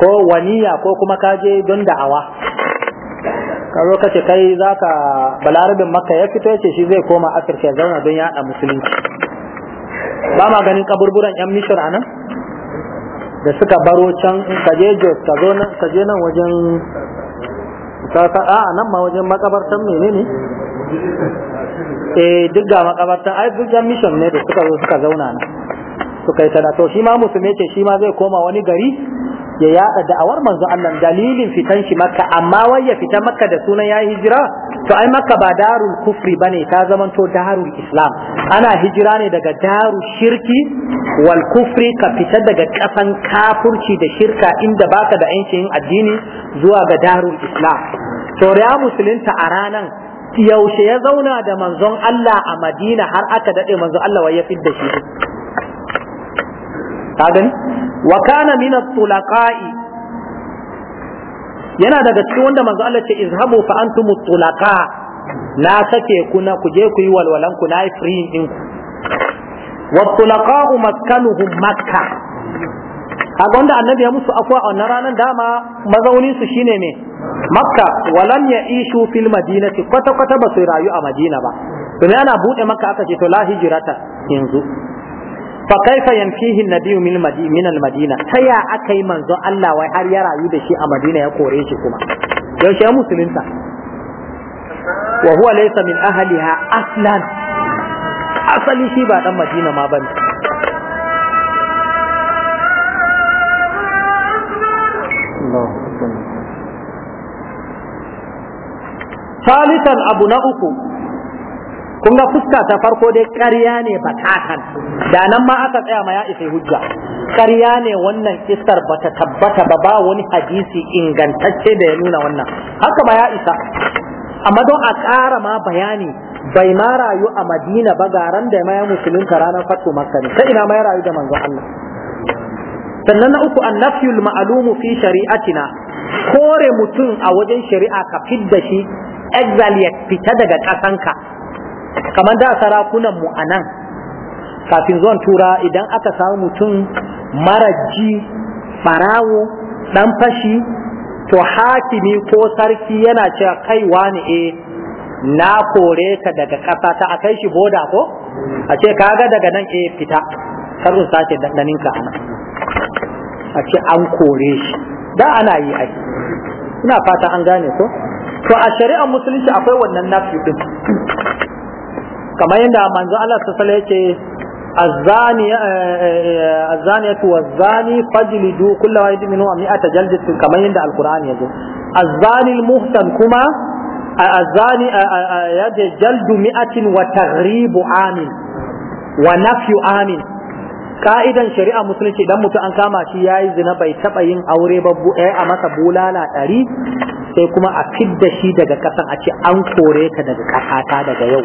ko waniya ko kuma ka je don da'awa ka zo ce kai zaka balarabin makka ya fito ya ce shi zai koma afirka ya zauna don yaɗa musulunci ba ma ganin kaburburan yan mishir anan da suka baro can kaje jos ka zo nan wajen saka a anan ma wajen makabartan menene eh duk ga makabartan ai duk yan mission ne da suka zo suka zauna nan suka yi sana to shi ma musulmi ce shi ma zai koma wani gari ya yada da'awar manzo Allah dalilin fitan shi makka amma wai ya fita makka da sunan ya hijira to ai makka ba darul kufri bane ta zamanto darul islam ana hijira ne daga darul shirki wal kufri ka fita daga kasan kafurci da shirka inda baka da yin addini zuwa ga darul islam to ya musulunta a ranan yaushe ya zauna da manzon Allah a Madina har aka dade manzon Allah wai ya fidda shi ka gani wa kana min at-tulaqa'i yana daga cikin wanda manzo Allah ce izhabu fa antum at-tulaqa na sake ku na ku ku yi walwalan ku na free din ku wa at-tulaqa'u maskanuhum makka kaga wanda annabi ya musu akwa a wannan ranar dama mazaunin su shine me makka walam ya'ishu fil madinati kwata kwata ba su rayu a madina ba to ana bude makka aka ce to la hijrata yanzu فكيف ينفيه النبي من من المدينة هيا أكي منزو الله وحر يرى يدشي أمدينة يقوريش كما يوشي مسلم وهو ليس من أهلها أصلا أصلي شي بعد مدينة ما بنت ثالثا أبو نأكم kun ga fuska ta farko dai ƙarya ne ba batatan da nan ma aka tsaya ma ya isa hujja ƙarya ne wannan ba ta tabbata ba ba wani hadisi ingantacce da ya nuna wannan haka ma ya isa amma don a ƙara ma bayani bai ma rayu a madina ba ga ran da ya musulunta ranar fatu makka ne ina ma ya rayu da manzon Allah sannan na uku annafiyul ma'lumu fi shari'atina kore mutum a wajen shari'a ka fidda shi exile ya fita daga ƙasanka kamar da sarakunan mu a nan kafin zuwan tura idan aka samu mutum maraji farawo dan fashi to hakimi ko sarki yana cewa kai wani eh na kore ka daga ƙasa ta akai shi boda ko a ce kaga daga nan eh fita kar in sace dandaninka ana a ce an kore shi da ana yi ai ina fata an gane ko to a shari'ar musulunci akwai wannan nafi din kamar yadda manzo Allah ta sallaye ce eh, eh, eh, azzaniya azzani fajlidu kullu wahid minhu mi'ata jaldat kamar yadda alqur'ani yake azzani almuhtan kuma azzani yaje jaldu mi'atin wa taghribu amin wa nafyu amin ka'idan shari'a musulunci idan mutum an kama shi ya yi zina bai taɓa yin aure ba eh, a masa bulala ɗari sai kuma a fidda shi daga ƙasan a ce an kore ka daga ƙasata daga yau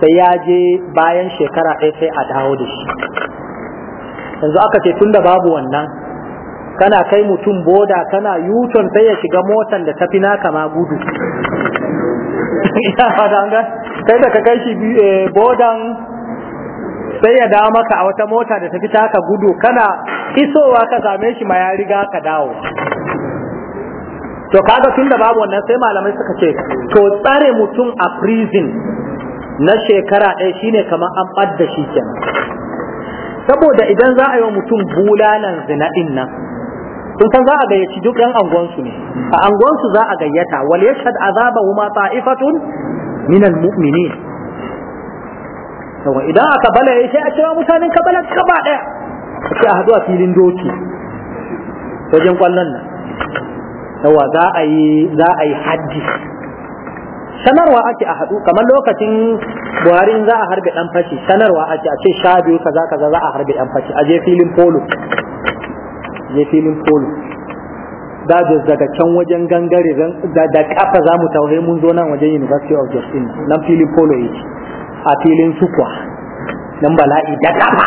sai ya je bayan shekara ɗaya sai a dawo da shi yanzu aka ce tun da babu wannan kana kai mutum boda kana yuton sai ya shiga motan da tafi naka ma gudu kai da ka kai shi eh, bodan sai ya dawo maka a wata mota da tafi taka gudu kana isowa ka same shi ma ya riga ka dawo to kaga tun da babu wannan sai malamai suka ce to tsare mutum a prison na shekara ɗaya shine kamar an ɓadda shi kenan saboda idan za a yi wa mutum bulalan zinaɗin nan sun san za a gayyaci duk ɗan anguwansu ne a anguwansu za a gayyata wal yashhad azabahuma ta'ifatun minal mu'minin kawai idan aka bala ya sai a cewa mutanen kabala gaba daya sai a haɗu a filin doki wajen kwallon nan yawa za a yi za a yi haddi sanarwa ake a haɗu kamar lokacin Buhari za a harbe ɗan fashi sanarwa ake a ce sha biyu kaza kaza za a harbe ɗan fashi a je filin polo je filin polo da daga can wajen gangare da kafa za mu tawaye mun zo nan wajen university of justin nan filin polo yake a filin sukuwa nan bala'i da dama.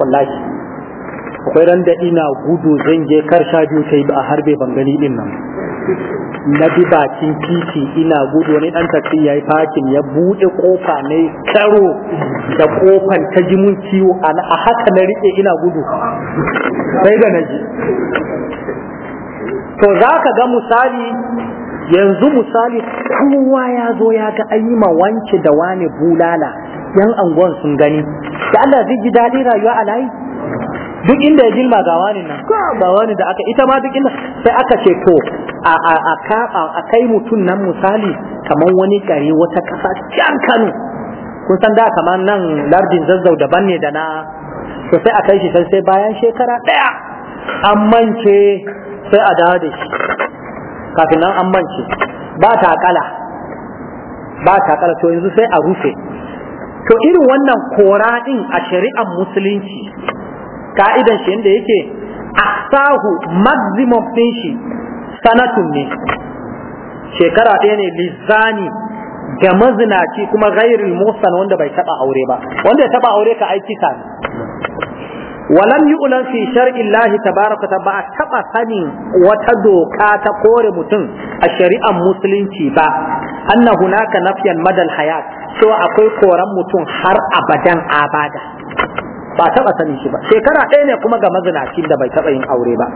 wallahi akwai ran da ina gudu zan je karsha biyu ta yi a harbe ban gani din nan na bi bakin titi ina gudu wani dan taksi ya yi fakin ya buɗe kofa na karo da kofan ta ji mun ciwo a haka na riƙe ina gudu sai da na ji to za ka ga misali yanzu misali kowa ya zo ya ga an yi wanke da wani bulala yan anguwan sun gani da Allah zai ji daɗi rayuwa a layi duk inda ya jilma ga wani nan ga wani da aka ita ma duk inda sai aka ce to a kai mutum nan misali kamar wani gari wata ƙasa can Kano kun san da kamar nan lardin zazzau daban ne da na to sai a kai shi sai bayan shekara ɗaya an mance sai a dawo da shi kafin nan an mance ba ta kala ba ta kala to yanzu sai a rufe to irin wannan kora din a shari'ar musulunci ka'idan shi inda yake Asahu maximum din shi sanatun ne shekara ɗaya ne lizani ga mazinaci kuma gairin musan wanda bai taba aure ba wanda ya taba aure ka aiki ne walam yu'lan fi shar'illahi tabaraka ta ba taɓa sani wata doka ta kore mutum a shari'ar musulunci ba anna hunaka nafyan madal hayat to akwai koren mutum har abadan abada ba taba sanin shi ba shekara ɗaya ne kuma ga mazinacin da bai taba yin aure ba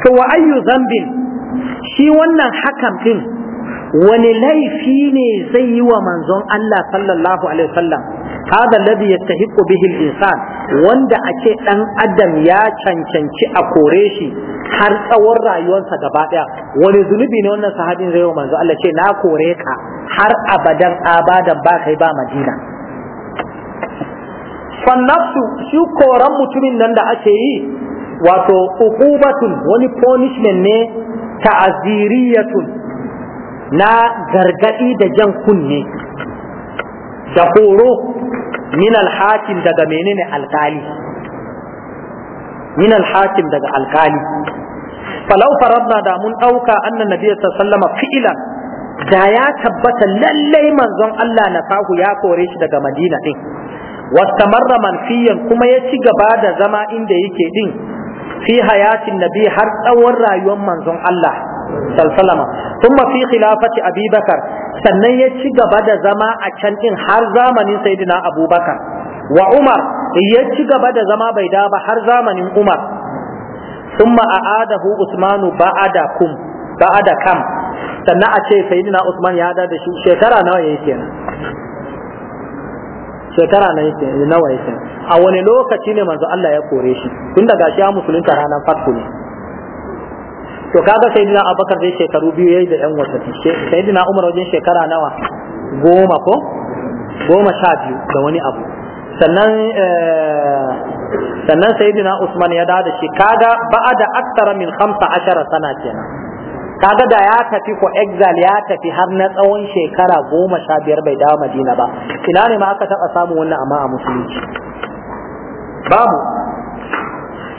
to wa ayyu zambin shi wannan hakan din wani laifi ne zai yi wa manzon Allah sallallahu hada alladhi yastahiqqu bihi al-insan wanda ake dan adam ya cancanci a kore shi har tsawon rayuwarsa gaba daya wani zunubi ne wannan sahabin zai yi manzo Allah ce na kore ka har abadan abadan ba kai ba madina fannafsu shi koran mutumin nan da ake yi wato uqubatun wani punishment ne ta'aziriyatun na gargadi da jan kunne da horo min alhakim daga menene alkali min alhakim daga alkali falau faradna da mun dauka annan nabiyyu sallallahu alaihi fi'lan da ya tabbata lallai manzon Allah na fahu ya kore shi daga Madina din wastamarra fiyan kuma ya ci gaba da zama inda yake din fi hayatin nabi har tsawon rayuwar manzon Allah sallallahu alaihi wasallam thumma fi khilafati Abi Bakar sannan ya ci gaba da zama a can din har zamanin sayyidina abubakar wa umar ya ci gaba da zama bai da ba har zamanin umar summa a'adahu usmanu ba'ada kum ba'ada kam sannan a ce sayyidina usman ya da shi shekara nawa yake kenan shekara na yake nawa yake a wani lokaci ne manzo Allah ya kore shi tun daga shi ya musulunta ranar fatku ne to kaga sayyidina abubakar dai shekaru biyu yayi da yan watanni sayyidina umar wajen shekara nawa goma ko goma sha biyu da wani abu sannan eh, sannan sayyidina usman ya da shi kaga ba'ada aktara min 15 sana kenan kaga da ya tafi ko exile ya tafi har na tsawon shekara goma sha biyar bai dawo madina ba ina ne ma aka taɓa samu wannan amma a musulunci babu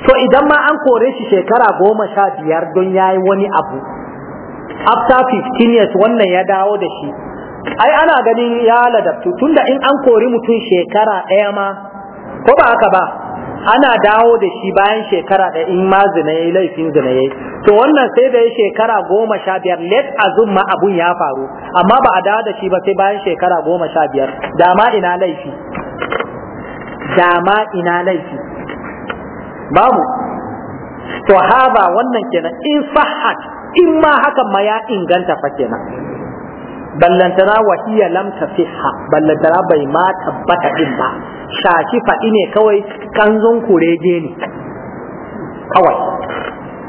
to idan ma an kore shi shekara goma sha biyar don ya yi wani abu after 15 years wannan ya dawo da shi ai ana ganin ya ladabtu tunda in an kori mutum shekara ɗaya ma ko ba haka ba ana dawo da shi bayan shekara ɗaya in ma zina laifin zina to wannan sai da ya shekara goma sha biyar let azum ma abun ya faru amma ba a dawo da shi ba sai bayan shekara goma sha biyar dama ina laifi babu to haba wannan kenan in sahhat in ma hakan ma ya inganta fa kenan ballantana wa hiya lam tafiha ballantana bai ma tabbata din ba shaki faɗi ne kawai kanzon kurege ne kawai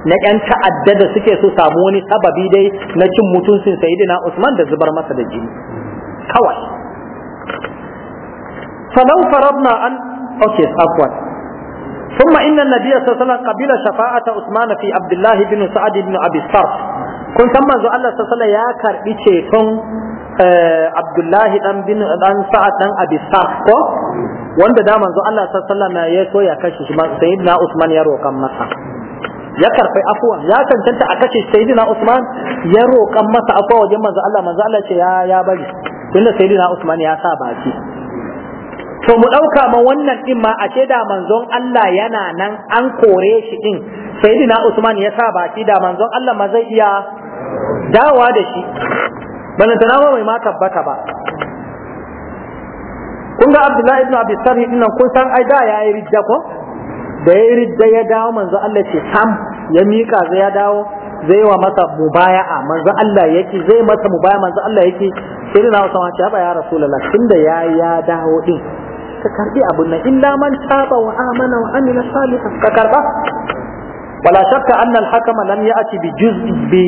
na ƴan ta'adda da suke so samu wani sababi dai na cin mutuncin sayyidina Usman da zubar masa da jini kawai falau farabna an okay afwan ثم إن النبي صلى الله عليه وسلم قبل شفاعة عثمان في عبد الله بن سعد بن أبي الصرف كن ثم زو الله صلى الله عليه وسلم يا عبد الله بن سعد بن أبي الصرف wanda daman zo Allah sallallahu alaihi ya so ya kashe sayyidina Usman ya masa ya karɓi afuwa ya cancanta a kashe sayyidina Usman ya roƙan masa afuwa wajen manzo Allah manzo Allah ce ya ya bari tunda sayyidina Usman ya sa baki to mu ɗauka ma wannan ɗin ma a da manzon Allah yana nan an kore shi ɗin sayyidina Usman ya sa baki da manzon Allah ma zai iya dawa da shi balantana ma mai ma tabbata ba kun ga Abdullahi ibn Abi Sarhi ɗin kun san ai da yayi ridda ko da yayi ridda ya dawo manzon Allah ce sam ya miƙa zai ya dawo zai wa masa mubaya'a manzo Allah yake zai masa mubaya manzo Allah yake sai na wasa wace ba ya rasulullah tunda ya ya dawo din ka karbi abun nan illa man taba wa amana wa amila salihan ka karba wala shakka anna al-hakama lam ya'ti bi juz'i bi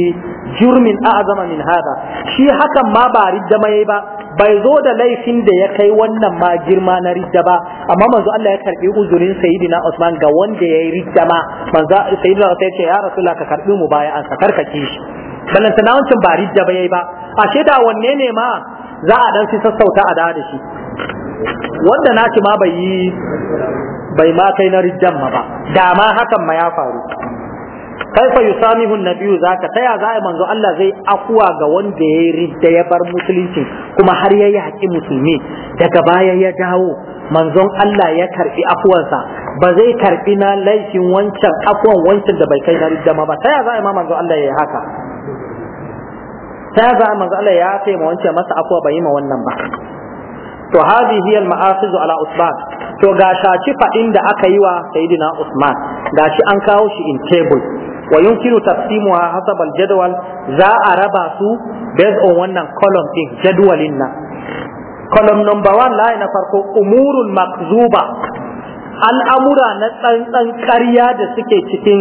jurmin a'zama min hada shi hakan ma ba ridda mai ba bai zo da laifin da ya kai wannan ma girma na ridda ba amma manzo Allah ya karbi uzurin sayyidina Usman ga wanda yayi ridda ma manzo sayyidina Usman ya ce ya rasulullah ka karbi mu baya an ka karkace shi balantana wancan ba ridda ba yayi ba ashe da wanne ne ma za a dan sassauta a da shi wanda nashi ma bai yi bai ma kai na rijjan ma ba da ma hakan ma ya faru kaifa yusamihu an-nabiyyu zaka taya za a manzo Allah zai akuwa ga wanda ya ridda ya bar musulunci kuma har ya yi haƙi musulmi daga baya ya dawo manzon Allah ya karbi afuwansa ba zai karbi na laifin wancan afuwan wancan da bai kai na ridda ma ba taya za a ma manzo Allah ya yi haka taya za a manzo Allah ya ce ma wancan masa afuwa bai yi ma wannan ba to hadi hiya al ala Usman to ga shaci fa da aka yi wa sayyidina Usman shi an kawo shi in table wa yumkinu taqsimuha hasab al-jadwal za a raba su based on wannan column din jadwalin nan column number 1 line na farko umurul makzuba al'amura na tsantsan ƙarya da suke cikin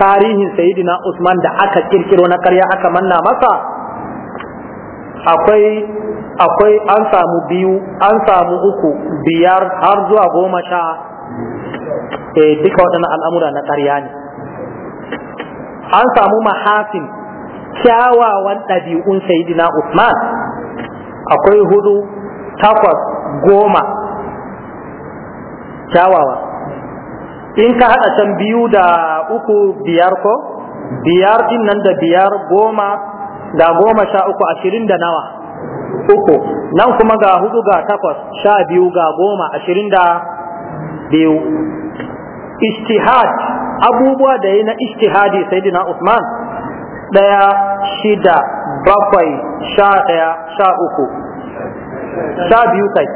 tarihin sayyidina Usman da aka kirkiro na ƙarya aka manna masa akwai akwai an samu biyu an samu uku biyar har zuwa goma sha e duka waɗannan al'amura na ƙarya ne an samu mahafin kyawawan ɗabi'un sayidina Usman akwai hudu takwas goma kyawawa in ka haɗa can biyu da uku biyar ko biyar din nan da biyar goma ga goma sha uku ashirin da nawa uku nan kuma ga hudu ga takwas sha biyu ga goma ashirin da biyu istihad abubuwa da yi na istihadi sayyidina Usman ɗaya shida bakwai sha ɗaya sha uku sha biyu kai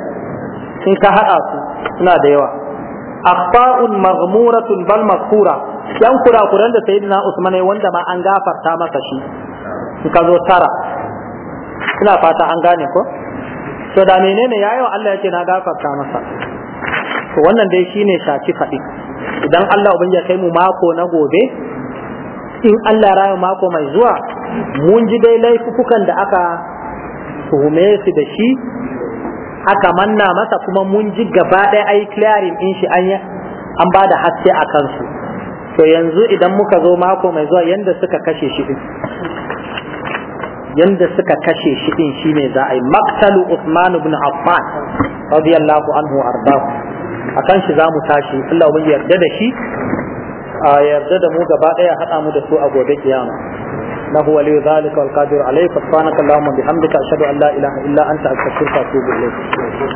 in ka haɗa su suna da yawa mazmura maghmuratun bal maghfura yan kurakuran da sayyidina Usman ne wanda ma an gafarta masa shi in ka zo tara ina fata an gane ko to da menene yayi wa Allah yake na gafarta masa to wannan dai shine shaci fadi idan Allah ubin ya kai mu mako na gobe in Allah rayu mako mai zuwa mun ji dai laifukan da aka tuhume su da shi aka manna masa kuma mun ji gaba ɗaya ai clearing in shi an an bada haske a kansu to yanzu idan muka zo mako mai zuwa yanda suka kashe shi yanda suka kashe shi din shine za a yi maktalu Usman ibn Affan radiyallahu anhu arda akan shi zamu tashi Allah ubangi yarda da shi a yarda da mu gaba daya hada mu da su a gobe kiyama له ولي ذلك والقادر عليه سبحانك اللهم وبحمدك اشهد ان لا اله الا انت استغفرك واتوب اليك